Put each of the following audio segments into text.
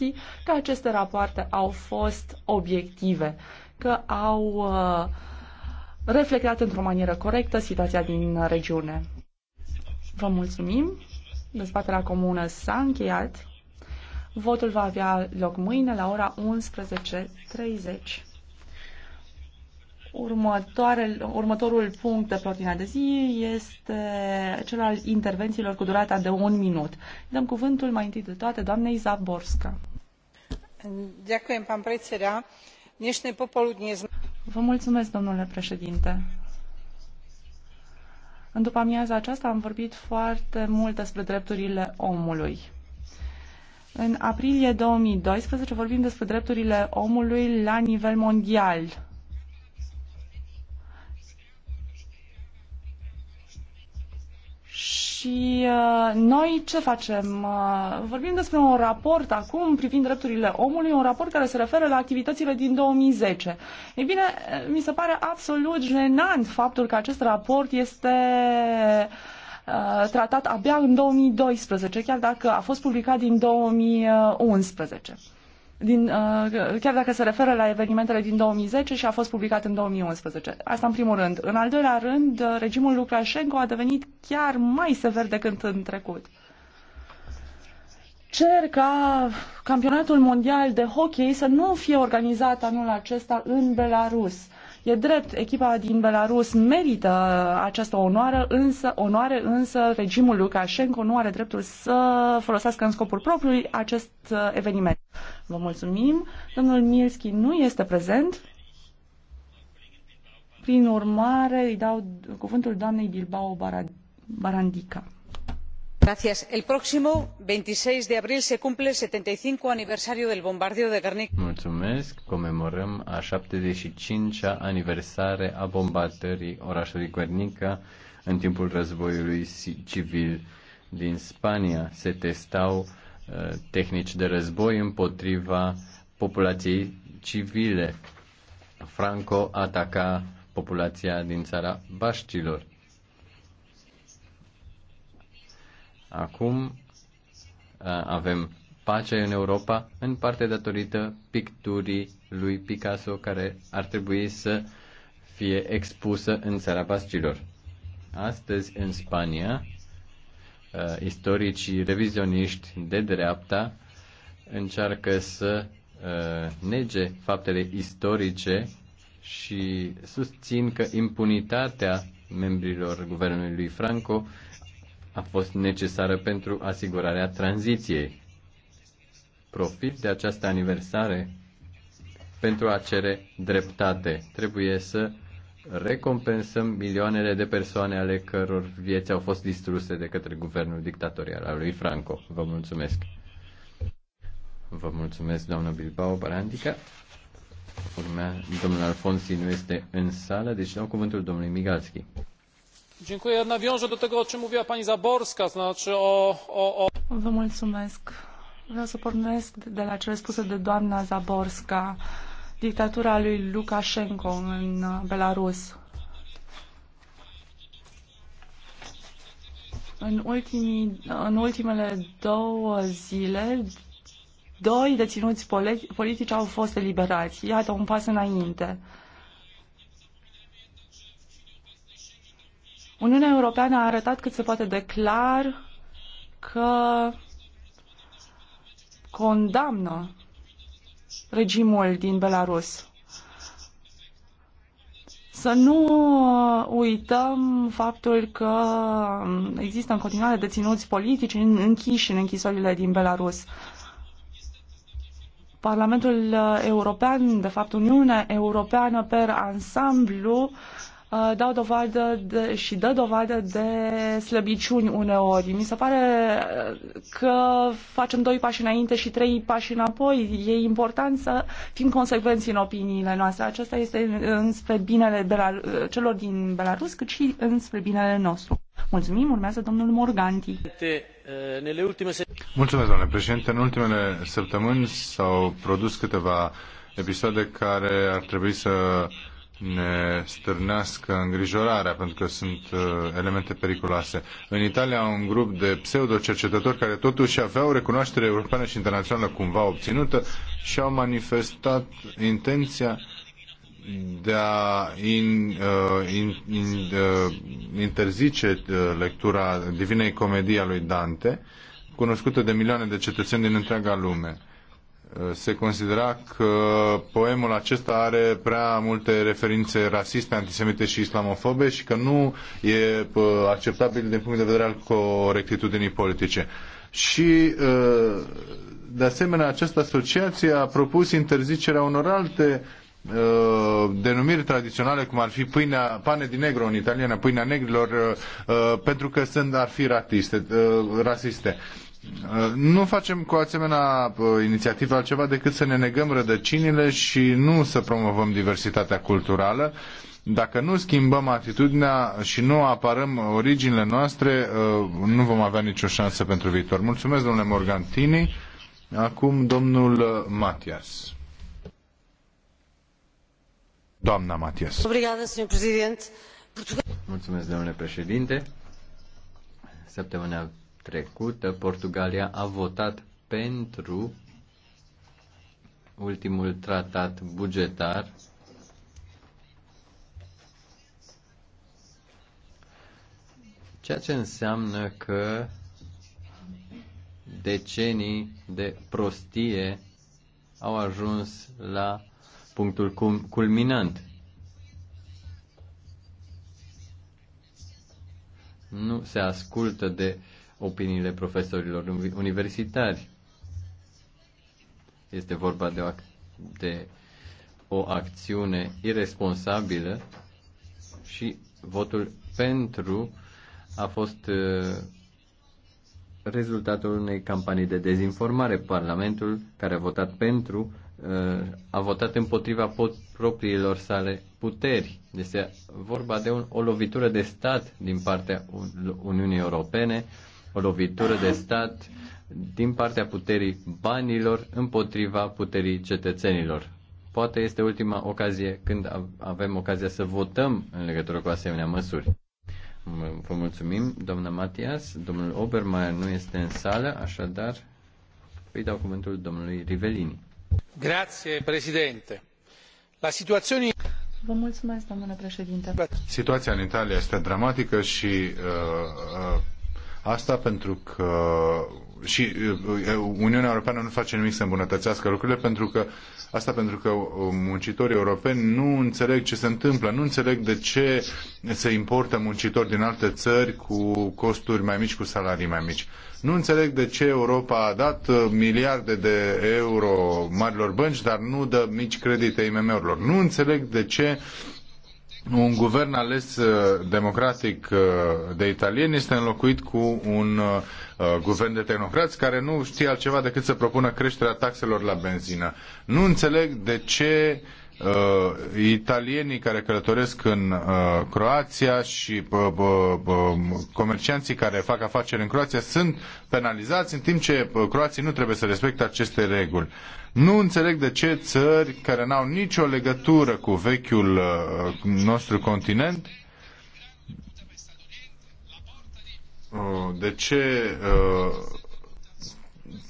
garanții că aceste rapoarte au fost obiective, că au uh, reflectat într-o manieră corectă situația din regiune. Vă mulțumim. Dezbaterea comună s-a încheiat. Votul va avea loc mâine la ora 11.30 următorul punct de pe ordinea de zi este cel al intervențiilor cu durata de un minut. Dăm cuvântul mai întâi de toate doamnei Zaborska. Vă mulțumesc, domnule președinte. În după amiaza aceasta am vorbit foarte mult despre drepturile omului. În aprilie 2012 vorbim despre drepturile omului la nivel mondial Și uh, noi ce facem? Uh, vorbim despre un raport acum privind drepturile omului, un raport care se referă la activitățile din 2010. Ei bine, uh, mi se pare absolut jenant faptul că acest raport este tratat abia în 2012, chiar dacă a fost publicat din 2011 din, uh, chiar dacă se referă la evenimentele din 2010 și a fost publicat în 2011. Asta în primul rând. În al doilea rând, uh, regimul Lukashenko a devenit chiar mai sever decât în trecut. Cer ca campionatul mondial de hockey să nu fie organizat anul acesta în Belarus. E drept, echipa din Belarus merită această onoare, însă, onoare, însă regimul Lukashenko nu are dreptul să folosească în scopul propriu acest uh, eveniment. Vă mulțumim. Domnul Mielski nu este prezent. Prin urmare, îi dau cuvântul doamnei Bilbao Barandica. Gracias. El próximo 26 de abril se cumple el 75 aniversario del bombardeo de Guernica. Mulțumesc. Comemorăm a 75-a aniversare a bombardării orașului Guernica în timpul războiului civil din Spania. Se testau tehnici de război împotriva populației civile. Franco ataca populația din țara Baștilor. Acum avem pace în Europa, în parte datorită picturii lui Picasso, care ar trebui să fie expusă în țara Baștilor. Astăzi, în Spania, Uh, istoricii revizioniști de dreapta încearcă să uh, nege faptele istorice și susțin că impunitatea membrilor guvernului lui Franco a fost necesară pentru asigurarea tranziției. Profit de această aniversare pentru a cere dreptate. Trebuie să recompensăm milioanele de persoane ale căror vieți au fost distruse de către guvernul dictatorial al lui Franco. Vă mulțumesc. Vă mulțumesc, doamnă Bilbao Barandica. Urmea, domnul Alfonsi nu este în sală, deci dau cuvântul domnului Migalski. Dziękuję. Nawiążę do tego, o czym mówiła pani Zaborska, znaczy o, o, o... Vă mulțumesc. Vreau să pornesc de la cele spuse de doamna Zaborska. Uh, dictatura lui Lukashenko în uh, Belarus. În, ultimii, în ultimele două zile, doi deținuți politici au fost eliberați. Iată un pas înainte. Uniunea Europeană a arătat cât se poate de clar că condamnă regimul din Belarus. Să nu uităm faptul că există în continuare deținuți politici închiși în închisorile din Belarus. Parlamentul European, de fapt Uniunea Europeană per ansamblu, Uh, dau dovadă de, și dă dovadă de slăbiciuni uneori. Mi se pare uh, că facem doi pași înainte și trei pași înapoi. E important să fim consecvenți în opiniile noastre. Acesta este înspre binele Belar- celor din Belarus, cât și înspre binele nostru. Mulțumim, urmează domnul Morganti. Mulțumesc, domnule președinte. În ultimele săptămâni s-au produs câteva episoade care ar trebui să ne stârnească îngrijorarea, pentru că sunt uh, elemente periculoase. În Italia, un grup de pseudo-cercetători care totuși aveau recunoaștere europeană și internațională cumva obținută și au manifestat intenția de a in, uh, in, in, uh, interzice uh, lectura Divinei Comedii a lui Dante, cunoscută de milioane de cetățeni din întreaga lume Eh, se considera că poemul acesta are prea multe referințe rasiste, antisemite și islamofobe și că nu e eh, acceptabil din punct de vedere al corectitudinii politice. Și eh, de asemenea, această asociație a propus interzicerea unor alte Uh, denumiri tradiționale, cum ar fi pâinea, pane din negru în italiană, pâinea negrilor, uh, uh, pentru că sunt, ar fi ratiste, rasiste. Nu facem cu asemenea inițiativă altceva decât să ne negăm rădăcinile și nu să promovăm diversitatea culturală. Dacă nu schimbăm atitudinea și nu apărăm originile noastre, nu vom avea nicio șansă pentru viitor. Mulțumesc, domnule Morgantini. Acum, domnul Matias. Matias. Mulțumesc, domnule președinte. Săptămâna trecută, Portugalia a votat pentru ultimul tratat bugetar ceea ce înseamnă că decenii de prostie au ajuns la punctul culminant. Nu se ascultă de opiniile profesorilor universitari. Este vorba de o, de o acțiune irresponsabilă și votul pentru a fost uh, rezultatul unei campanii de dezinformare. Parlamentul, care a votat pentru, Uh, a votat împotriva propriilor sale puteri. Este vorba de un, o lovitură de stat din partea Uniunii Europene, o lovitură de stat din partea puterii banilor împotriva puterii cetățenilor. Poate este ultima ocazie când avem ocazia să votăm în legătură cu asemenea măsuri. Vă mulțumim, doamna Matias. Domnul Obermeier nu este în sală, așadar îi dau cuvântul domnului Rivelini mulțumesc, Situația în Italia este dramatică și uh, uh, asta pentru că și Uniunea Europeană nu face nimic să îmbunătățească lucrurile pentru că asta pentru că muncitorii europeni nu înțeleg ce se întâmplă, nu înțeleg de ce se importă muncitori din alte țări cu costuri mai mici, cu salarii mai mici. Nu înțeleg de ce Europa a dat uh, miliarde de euro marilor bănci, dar nu dă mici credite IMM-urilor. Nu înțeleg de ce un guvern ales uh, democratic uh, de italieni este înlocuit cu un uh, guvern de tehnocrați care nu știe altceva decât să propună creșterea taxelor la benzină. Nu înțeleg de ce uh, italienii care călătoresc în uh, Croația și uh, uh, comercianții care fac afaceri în Croația sunt penalizați, în timp ce uh, croații nu trebuie să respecte aceste reguli. Nu înțeleg de ce țări care n-au nicio legătură cu vechiul uh, nostru continent uh, de ce uh,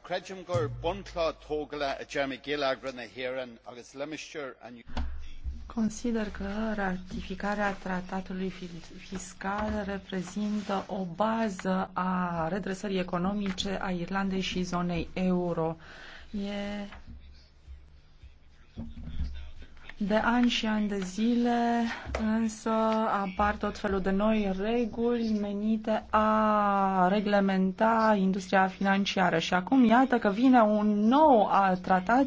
gur a na hÉireann agus Consider că ratificarea tratatului fiscal reprezintă o bază a redresării economice a Irlandei și zonei euro. E de ani și ani de zile, însă, apar tot felul de noi reguli menite a reglementa industria financiară. Și acum, iată că vine un nou tratat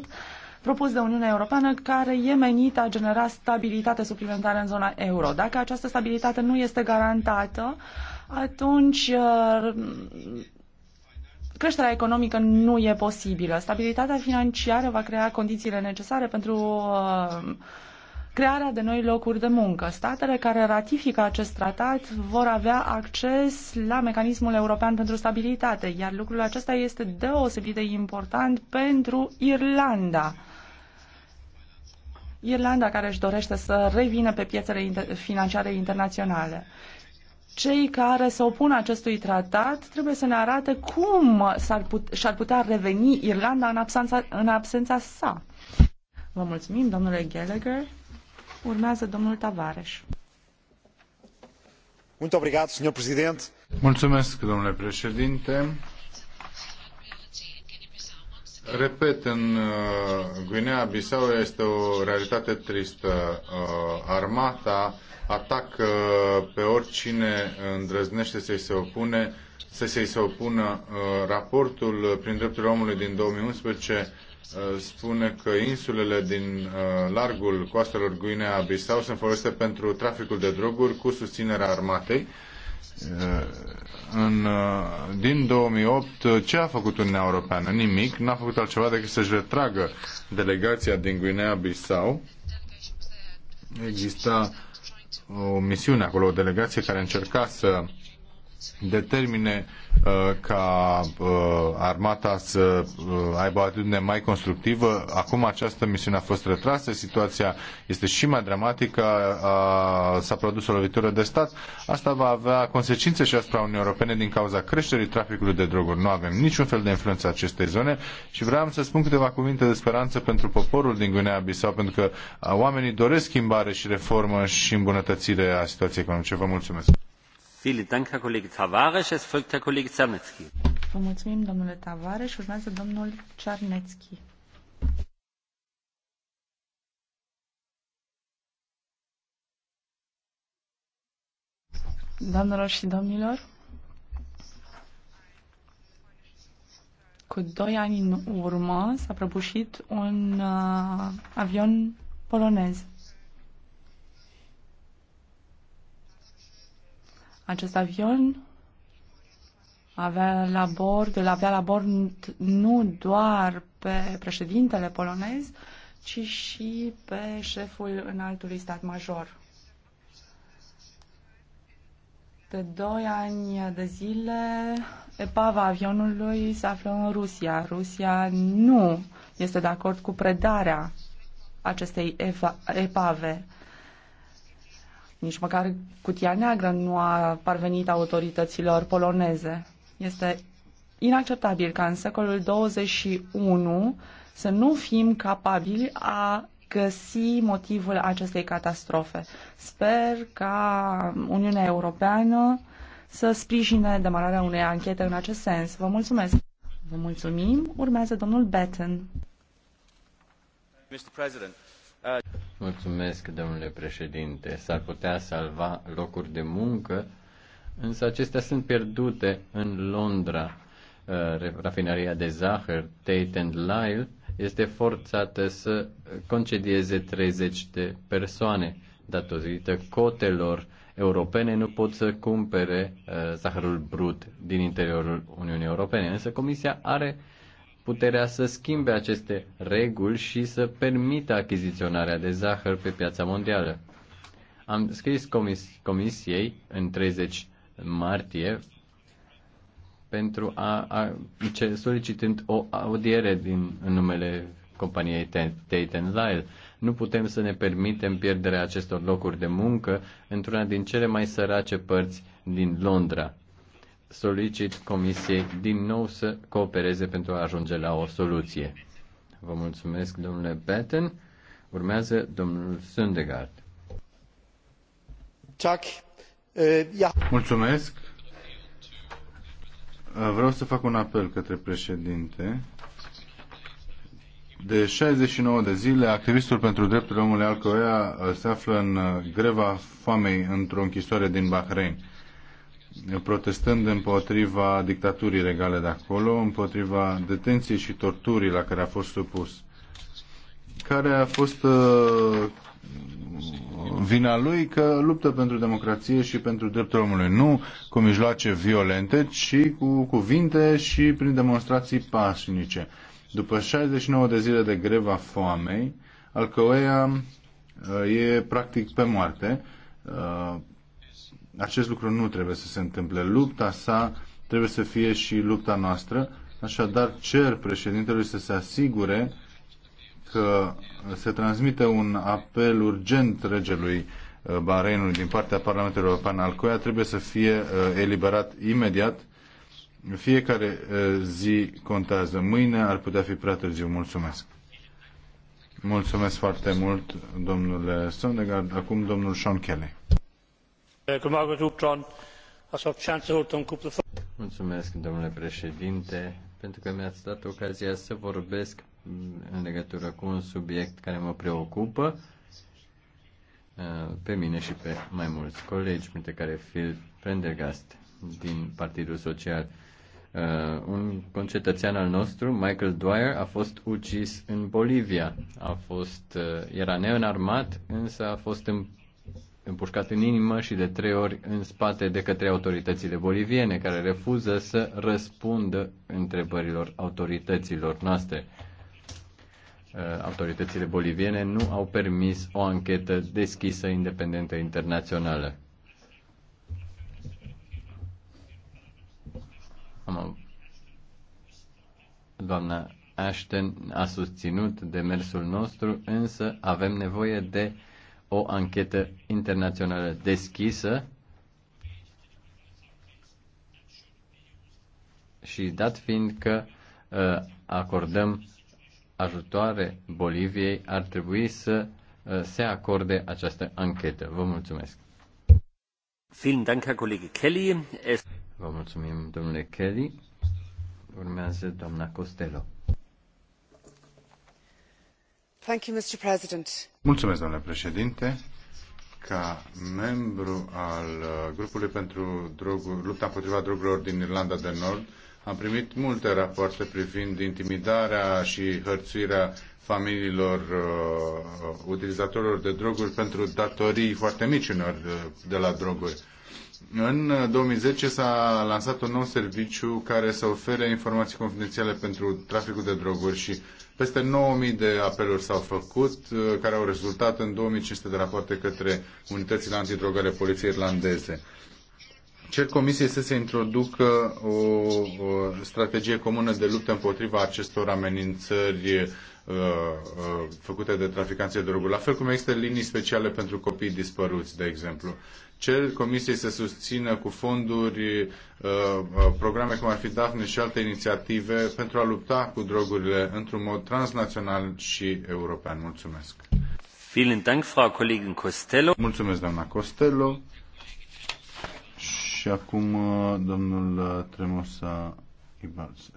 propus de Uniunea Europeană care e menit a genera stabilitate suplimentară în zona euro. Dacă această stabilitate nu este garantată, atunci uh, creșterea economică nu e posibilă. Stabilitatea financiară va crea condițiile necesare pentru uh, crearea de noi locuri de muncă. Statele care ratifică acest tratat vor avea acces la mecanismul european pentru stabilitate, iar lucrul acesta este deosebit de important pentru Irlanda. Irlanda care își dorește să revină pe piețele financiare internaționale cei care se opun acestui tratat trebuie să ne arate cum s-ar put- și-ar putea reveni Irlanda în absența, în absența sa. Vă mulțumim, domnule Gallagher. Urmează domnul Tavares. Mulțumesc, domnule președinte. Repet, în uh, Guinea Bissau este o realitate tristă. Uh, armata atac pe oricine îndrăznește să-i se opune, să se se opună. Uh, raportul prin drepturile omului din 2011 uh, spune că insulele din uh, largul coastelor Guinea-Bissau sunt folosite pentru traficul de droguri cu susținerea armatei. În, din 2008, ce a făcut Uniunea Europeană? Nimic. N-a făcut altceva decât să-și retragă delegația din Guinea-Bissau. Exista o misiune acolo, o delegație care încerca să determine uh, ca uh, armata să uh, aibă o atitudine mai constructivă. Acum această misiune a fost retrasă, situația este și mai dramatică, s-a produs o lovitură de stat. Asta va avea consecințe și asupra Uniunii Europene din cauza creșterii traficului de droguri. Nu avem niciun fel de influență acestei zone și vreau să spun câteva cuvinte de speranță pentru poporul din Guinea-Bissau, pentru că oamenii doresc schimbare și reformă și îmbunătățire a situației economice. Vă mulțumesc! mulțumim, domnule Tavares. Urmează domnul Czarnecki. Doamnelor și domnilor, cu doi ani în urmă s-a prăbușit un uh, avion polonez. Acest avion avea la bord, îl avea la bord nu doar pe președintele polonez, ci și pe șeful înaltului stat major. De doi ani de zile, epava avionului se află în Rusia. Rusia nu este de acord cu predarea acestei epave. Nici măcar cutia neagră nu a parvenit autorităților poloneze. Este inacceptabil ca în secolul 21 să nu fim capabili a găsi motivul acestei catastrofe. Sper ca Uniunea Europeană să sprijine demararea unei anchete în acest sens. Vă mulțumesc! Vă mulțumim. Urmează domnul Batten. Mulțumesc, domnule președinte. S-ar putea salva locuri de muncă, însă acestea sunt pierdute în Londra. Uh, rafinaria de zahăr, Tate and Lyle, este forțată să concedieze 30 de persoane datorită cotelor europene nu pot să cumpere uh, zahărul brut din interiorul Uniunii Europene. Însă Comisia are uh, puterea să schimbe aceste reguli și să permită achiziționarea de zahăr pe piața mondială. Am scris comis- comisiei în 30 martie pentru a, a ce, solicitând o audiere din, în numele companiei Tate Lyle. Nu putem să ne permitem pierderea acestor locuri de muncă într-una din cele mai sărace părți din Londra solicit Comisiei din nou să coopereze pentru a ajunge la o soluție. Vă mulțumesc, domnule Batten. Urmează domnul Sundegard. Mulțumesc. Vreau să fac un apel către președinte. De 69 de zile, activistul pentru drepturile omului Alcoea uh, se află în uh, greva foamei într-o închisoare din Bahrain protestând împotriva dictaturii regale de acolo, împotriva detenției și torturii la care a fost supus, care a fost uh, vina lui că luptă pentru democrație și pentru dreptul omului, nu cu mijloace violente, ci cu cuvinte și prin demonstrații pașnice. După 69 de zile de greva foamei, Alcoea uh, e practic pe moarte. Uh, acest lucru nu trebuie să se întâmple. Lupta sa trebuie să fie și lupta noastră. Așadar, cer președintelui să se asigure că se transmite un apel urgent regelui uh, Bahrainului din partea Parlamentului European al COIA trebuie să fie uh, eliberat imediat. Fiecare uh, zi contează. Mâine ar putea fi prea târziu. Mulțumesc. Mulțumesc foarte mult, domnule Sondegard. Acum domnul Sean Kelly președinte, pentru că mi-ați dat ocazia să vorbesc în legătură cu un subiect care mă preocupă uh, pe mine și pe mai mulți colegi, printre care Phil Prendergast din Partidul Social. Uh, un concetățean al nostru, Michael Dwyer, a fost ucis în Bolivia. A fost, uh, era neînarmat, însă a fost în împușcat în inimă și de trei ori în spate de către autoritățile boliviene, care refuză să răspundă întrebărilor autorităților noastre. Uh, autoritățile boliviene nu au permis o anchetă deschisă, independentă, internațională. Doamna Ashton a susținut demersul nostru, însă avem nevoie de uh, o anchetă internațională deschisă și dat fiind că uh, acordăm ajutoare Boliviei, ar trebui să uh, se acorde această anchetă. Vă mulțumesc. Vă mulțumim, domnule Kelly. Urmează doamna Costello. Mulțumesc, domnule președinte. Ca membru al uh, grupului pentru droguri, lupta împotriva drogurilor din Irlanda de Nord, am primit multe rapoarte privind intimidarea și hărțuirea familiilor uh, uh utilizatorilor de droguri pentru datorii foarte mici uneori uh, de, de la droguri. În 2010 s-a lansat un nou serviciu care să ofere informații confidențiale pentru traficul de droguri și peste 9000 de apeluri s-au făcut, uh, care au rezultat în 2500 de rapoarte către unitățile antidrog ale poliției irlandeze. Cer comisiei să se introducă o, o strategie comună de luptă împotriva acestor amenințări uh, uh, făcute de traficanții de droguri, la fel cum există linii speciale pentru copii dispăruți, de exemplu cer Comisiei să susțină cu fonduri uh, uh, programe cum ar fi Daphne și alte inițiative pentru a lupta cu drogurile într-un mod transnațional și european. Mulțumesc! Mulțumesc, doamna Costello. Și acum uh, domnul Tremosa Ibalses.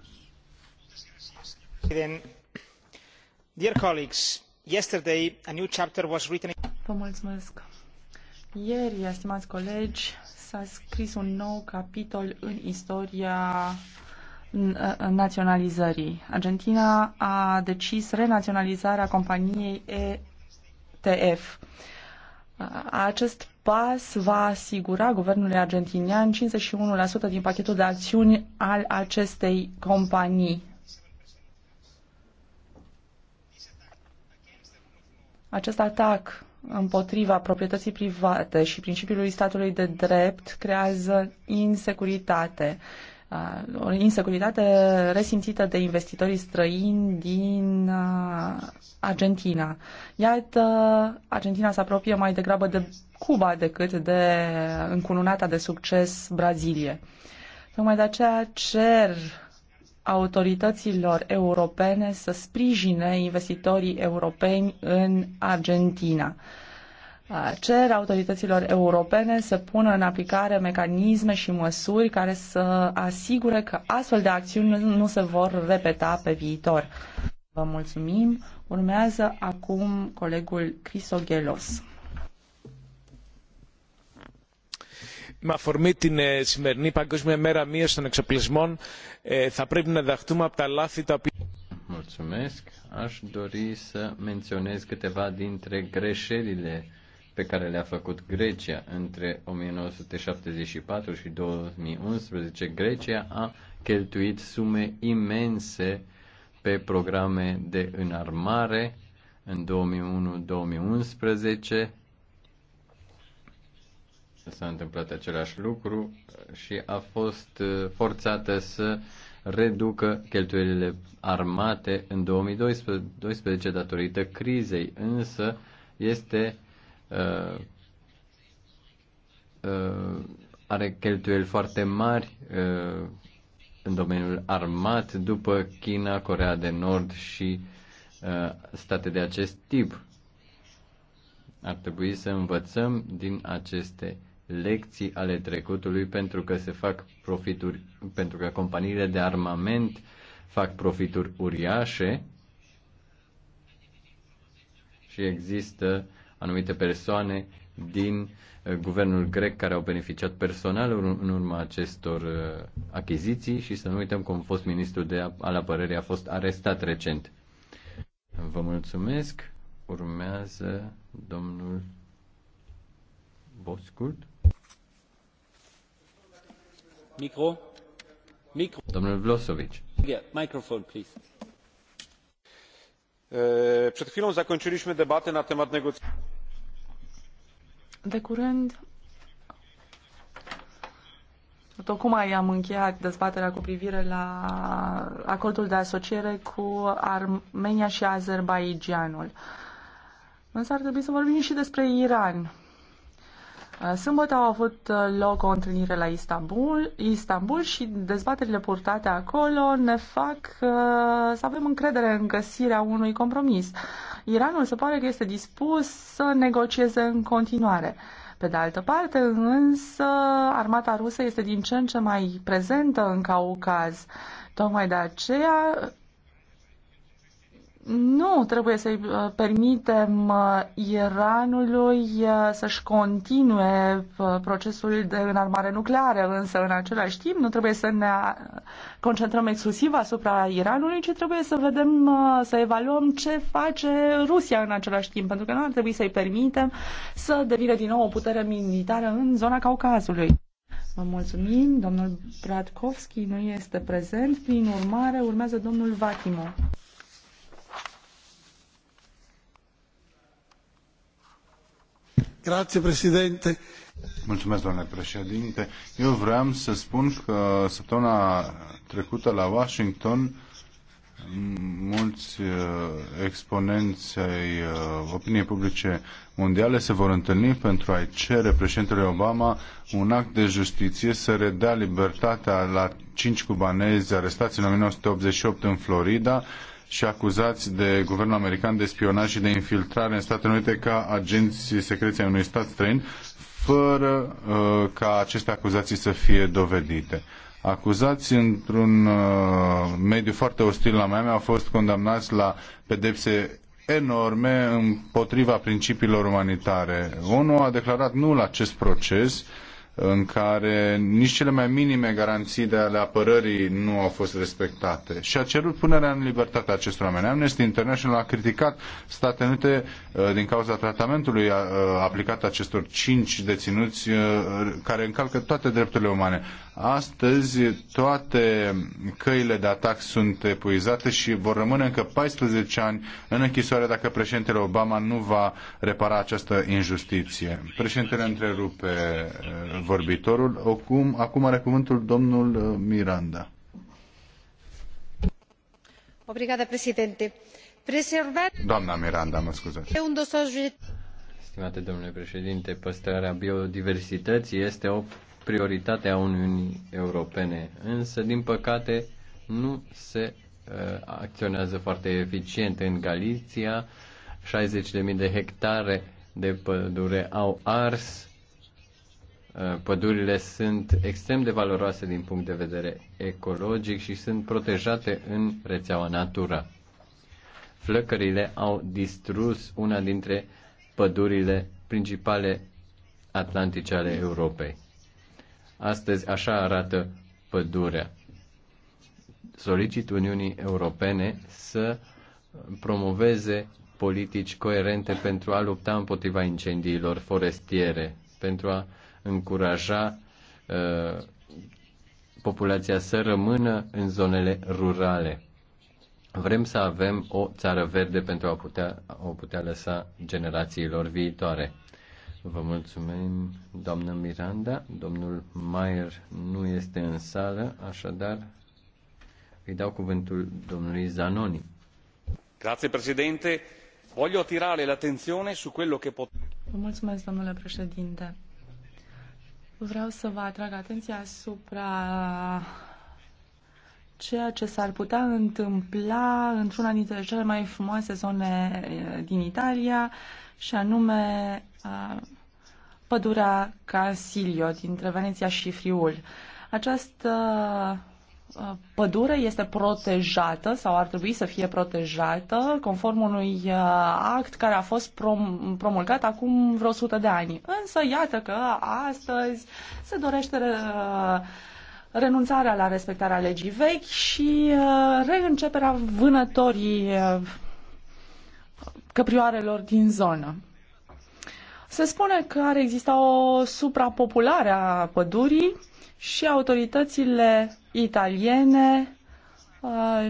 Dear colleagues, yesterday a new chapter was written. Vă mulțumesc. Ieri, estimați colegi, s-a scris un nou capitol în istoria naționalizării. Argentina a decis renaționalizarea companiei ETF. Acest pas va asigura guvernului argentinian 51% din pachetul de acțiuni al acestei companii. Acest atac împotriva proprietății private și principiului statului de drept creează insecuritate. Uh, o insecuritate resimțită de investitorii străini din uh, Argentina. Iată, Argentina se apropie mai degrabă de Cuba decât de încununata de succes Brazilie. Tocmai de aceea cer autorităților europene să sprijine investitorii europeni în Argentina. Cer autorităților europene să pună în aplicare mecanisme și măsuri care să asigure că astfel de acțiuni nu se vor repeta pe viitor. Vă mulțumim. Urmează acum colegul Crisogelos. με αφορμή την σημερινή Παγκόσμια Μέρα Μείωση των Εξοπλισμών θα πρέπει να διδαχτούμε από τα λάθη τα οποία. Mulțumesc. Aș dori să menționez câteva dintre greșelile pe care le-a făcut Grecia între 1974 și 2011. Grecia a cheltuit sume imense pe programe de înarmare în 2001-2011 s-a întâmplat același lucru și a fost uh, forțată să reducă cheltuielile armate în 2012 datorită crizei, însă este uh, uh, are cheltuieli foarte mari uh, în domeniul armat după China, Corea de Nord și uh, state de acest tip. Ar trebui să învățăm din aceste lecții ale trecutului pentru că se fac profituri, pentru că companiile de armament fac profituri uriașe și există anumite persoane din uh, guvernul grec care au beneficiat personal în urma acestor uh, achiziții și să nu uităm cum fost ministrul de al apărării a fost arestat recent. Vă mulțumesc. Urmează domnul Boscurt. Microfon, Przed chwilą zakończyliśmy debatę na temat negocjacji. De curând, tocmai am încheiat dezbaterea cu privire la acordul de asociere cu Armenia și Azerbaidjanul. Însă ar trebui să vorbim și despre Iran. Uh, sâmbătă au avut uh, loc o întâlnire la Istanbul, Istanbul și dezbaterile purtate acolo ne fac uh, să avem încredere în găsirea unui compromis. Iranul se pare că este dispus să negocieze în continuare. Pe de altă parte, însă, armata rusă este din ce în ce mai prezentă în Caucaz. Tocmai de aceea, nu trebuie să-i uh, permitem uh, Iranului uh, să-și continue procesul de înarmare nucleară, însă în același timp nu trebuie să ne concentrăm exclusiv asupra Iranului, ci trebuie să vedem, să evaluăm ce face Rusia în același timp, pentru că nu ar trebui să-i permitem să devină din nou o putere militară în zona Caucazului. Vă mulțumim, domnul Bratkovski nu este prezent, prin urmare urmează domnul Vatimo. Mulțumesc, domnule președinte. Eu vreau să spun că săptămâna trecută la Washington mulți uh, exponenți ai uh, opiniei publice mondiale se vor întâlni pentru a-i cere președintele Obama un act de justiție să redea libertatea la cinci cubanezi arestați în 1988 în Florida și acuzați de guvernul american de spionaj și de infiltrare în Statele Unite ca agenți secreți ai unui stat străin, fără uh, ca aceste acuzații să fie dovedite. Acuzați într-un uh, mediu foarte ostil la Miami au fost condamnați la pedepse enorme împotriva principiilor umanitare. ONU a declarat nu la acest proces uh, în care nici cele mai minime garanții de ale apărării nu au fost respectate. Și a cerut punerea în libertate a acestor oameni. Amnesty International a criticat Statele Unite uh, din cauza tratamentului uh, aplicat acestor cinci deținuți uh, care încalcă toate drepturile umane. Astăzi toate căile de atac sunt epuizate și vor rămâne încă 14 ani în închisoare dacă președintele Obama nu va repara această injustiție. Președintele întrerupe vorbitorul. Acum, acum are cuvântul domnul uh, Miranda. Obrigada, președinte. Preservare... Doamna Miranda, mă scuzați. Un dosaj... Stimate domnule președinte, păstrarea biodiversității este o prioritate a Uniunii Europene, însă, din păcate, nu se uh, acționează foarte eficient. În Galiția, 60.000 de hectare de pădure au ars Uh, pădurile sunt extrem de valoroase din punct de vedere ecologic și sunt protejate în rețeaua natura. Flăcările au distrus una dintre pădurile principale atlantice ale Europei. Astăzi așa arată pădurea. Solicit Uniunii Europene să promoveze politici coerente pentru a lupta împotriva incendiilor forestiere, pentru a încuraja uh, populația să rămână în zonele rurale. Vrem să avem o țară verde pentru a putea, o putea lăsa generațiilor viitoare. Vă mulțumim, doamnă Miranda. Domnul Maier nu este în sală, așadar îi dau cuvântul domnului Zanoni. Grazie, președinte. Voglio attirare l'attenzione su quello che pot... Vă mulțumesc, domnule președinte. Vreau să vă atrag atenția asupra ceea ce s-ar putea întâmpla într-una dintre cele mai frumoase zone eh, din Italia, și anume pădurea Casilio dintre Veneția și Friul. Această pădure este protejată sau ar trebui să fie protejată conform unui uh, act care a fost prom- promulgat acum vreo 100 de ani. Însă, iată că astăzi se dorește uh, renunțarea la respectarea legii vechi și uh, reînceperea vânătorii căprioarelor din zonă. Se spune că ar exista o suprapopulare a pădurii și autoritățile italiene uh,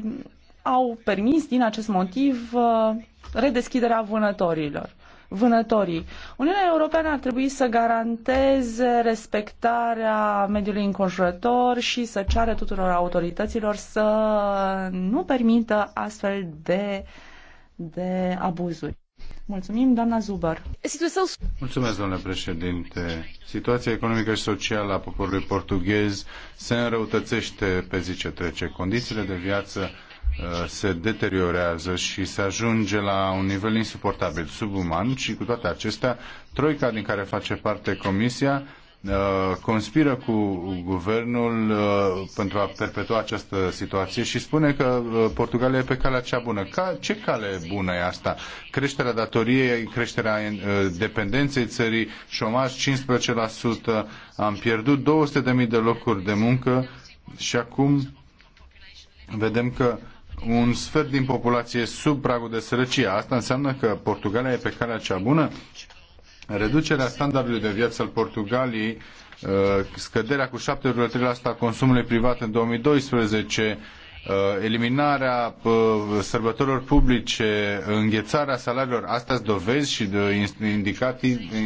au permis din acest motiv uh, redeschiderea vânătorilor. Vânătorii. Uniunea Europeană ar trebui să garanteze respectarea mediului înconjurător și să ceară tuturor autorităților să nu permită astfel de, de abuzuri. Mulțumim, doamna Zubar. Mulțumesc, domnule președinte. Situația economică și socială a poporului portughez se înrăutățește pe zi ce trece. Condițiile de viață uh, se deteriorează și se ajunge la un nivel insuportabil, subuman și cu toate acestea, troica din care face parte Comisia Uh, conspiră cu guvernul uh, pentru a perpetua această situație și spune că uh, Portugalia e pe calea cea bună. Ca, ce cale bună e asta? Creșterea datoriei, creșterea dependenței țării, șomaj 15%, am pierdut 200.000 de locuri de muncă și acum vedem că un sfert din populație sub pragul de sărăcie. Asta înseamnă că Portugalia e pe calea cea bună reducerea standardului de viață al Portugaliei, uh, scăderea cu 7,3% a consumului privat în 2012, Uh, eliminarea uh, sărbătorilor publice, înghețarea salariilor, astea sunt dovezi și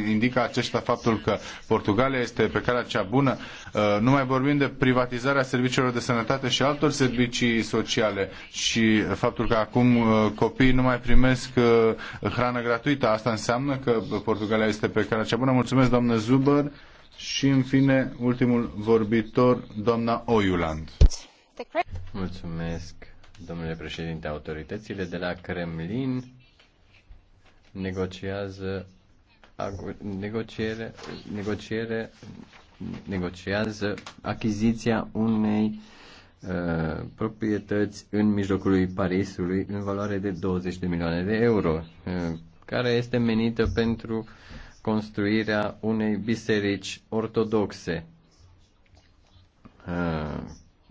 indică acesta faptul că Portugalia este pe calea cea bună. Uh, nu mai vorbim de privatizarea serviciilor de sănătate și altor servicii sociale și faptul că acum copiii nu mai primesc hrană gratuită. Asta înseamnă că Portugalia este pe calea cea bună. Mulțumesc, doamnă Zuber. Și, în fine, ultimul vorbitor, doamna Oiuland. Mulțumesc, domnule președinte. Autoritățile de la Kremlin negociază negociere, negociere, negociază achiziția unei uh, proprietăți în mijlocul Parisului în valoare de 20 de milioane de euro, uh, care este menită pentru construirea unei biserici ortodoxe. Uh,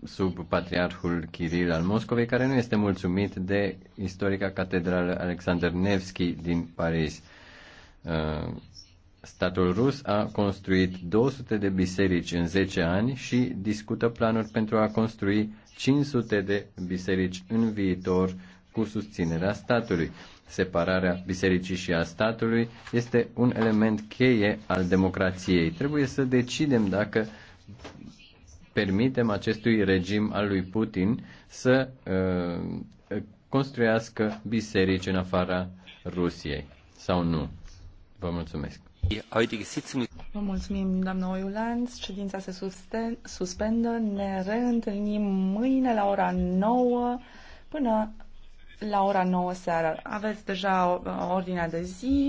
sub patriarhul Kiril al Moscovei, care nu este mulțumit de istorica catedrală Alexander Nevski din Paris. Uh, statul rus a construit 200 de biserici în 10 ani și discută planuri pentru a construi 500 de biserici în viitor cu susținerea statului. Separarea bisericii și a statului este un element cheie al democrației. Trebuie să decidem dacă permitem acestui regim al lui Putin să uh, construiască biserici în afara Rusiei sau nu. Vă mulțumesc. Vă mulțumim, doamna Oiulanț. Ședința se suspendă. Ne reîntâlnim mâine la ora 9 până la ora 9 seara. Aveți deja uh, ordinea de zi.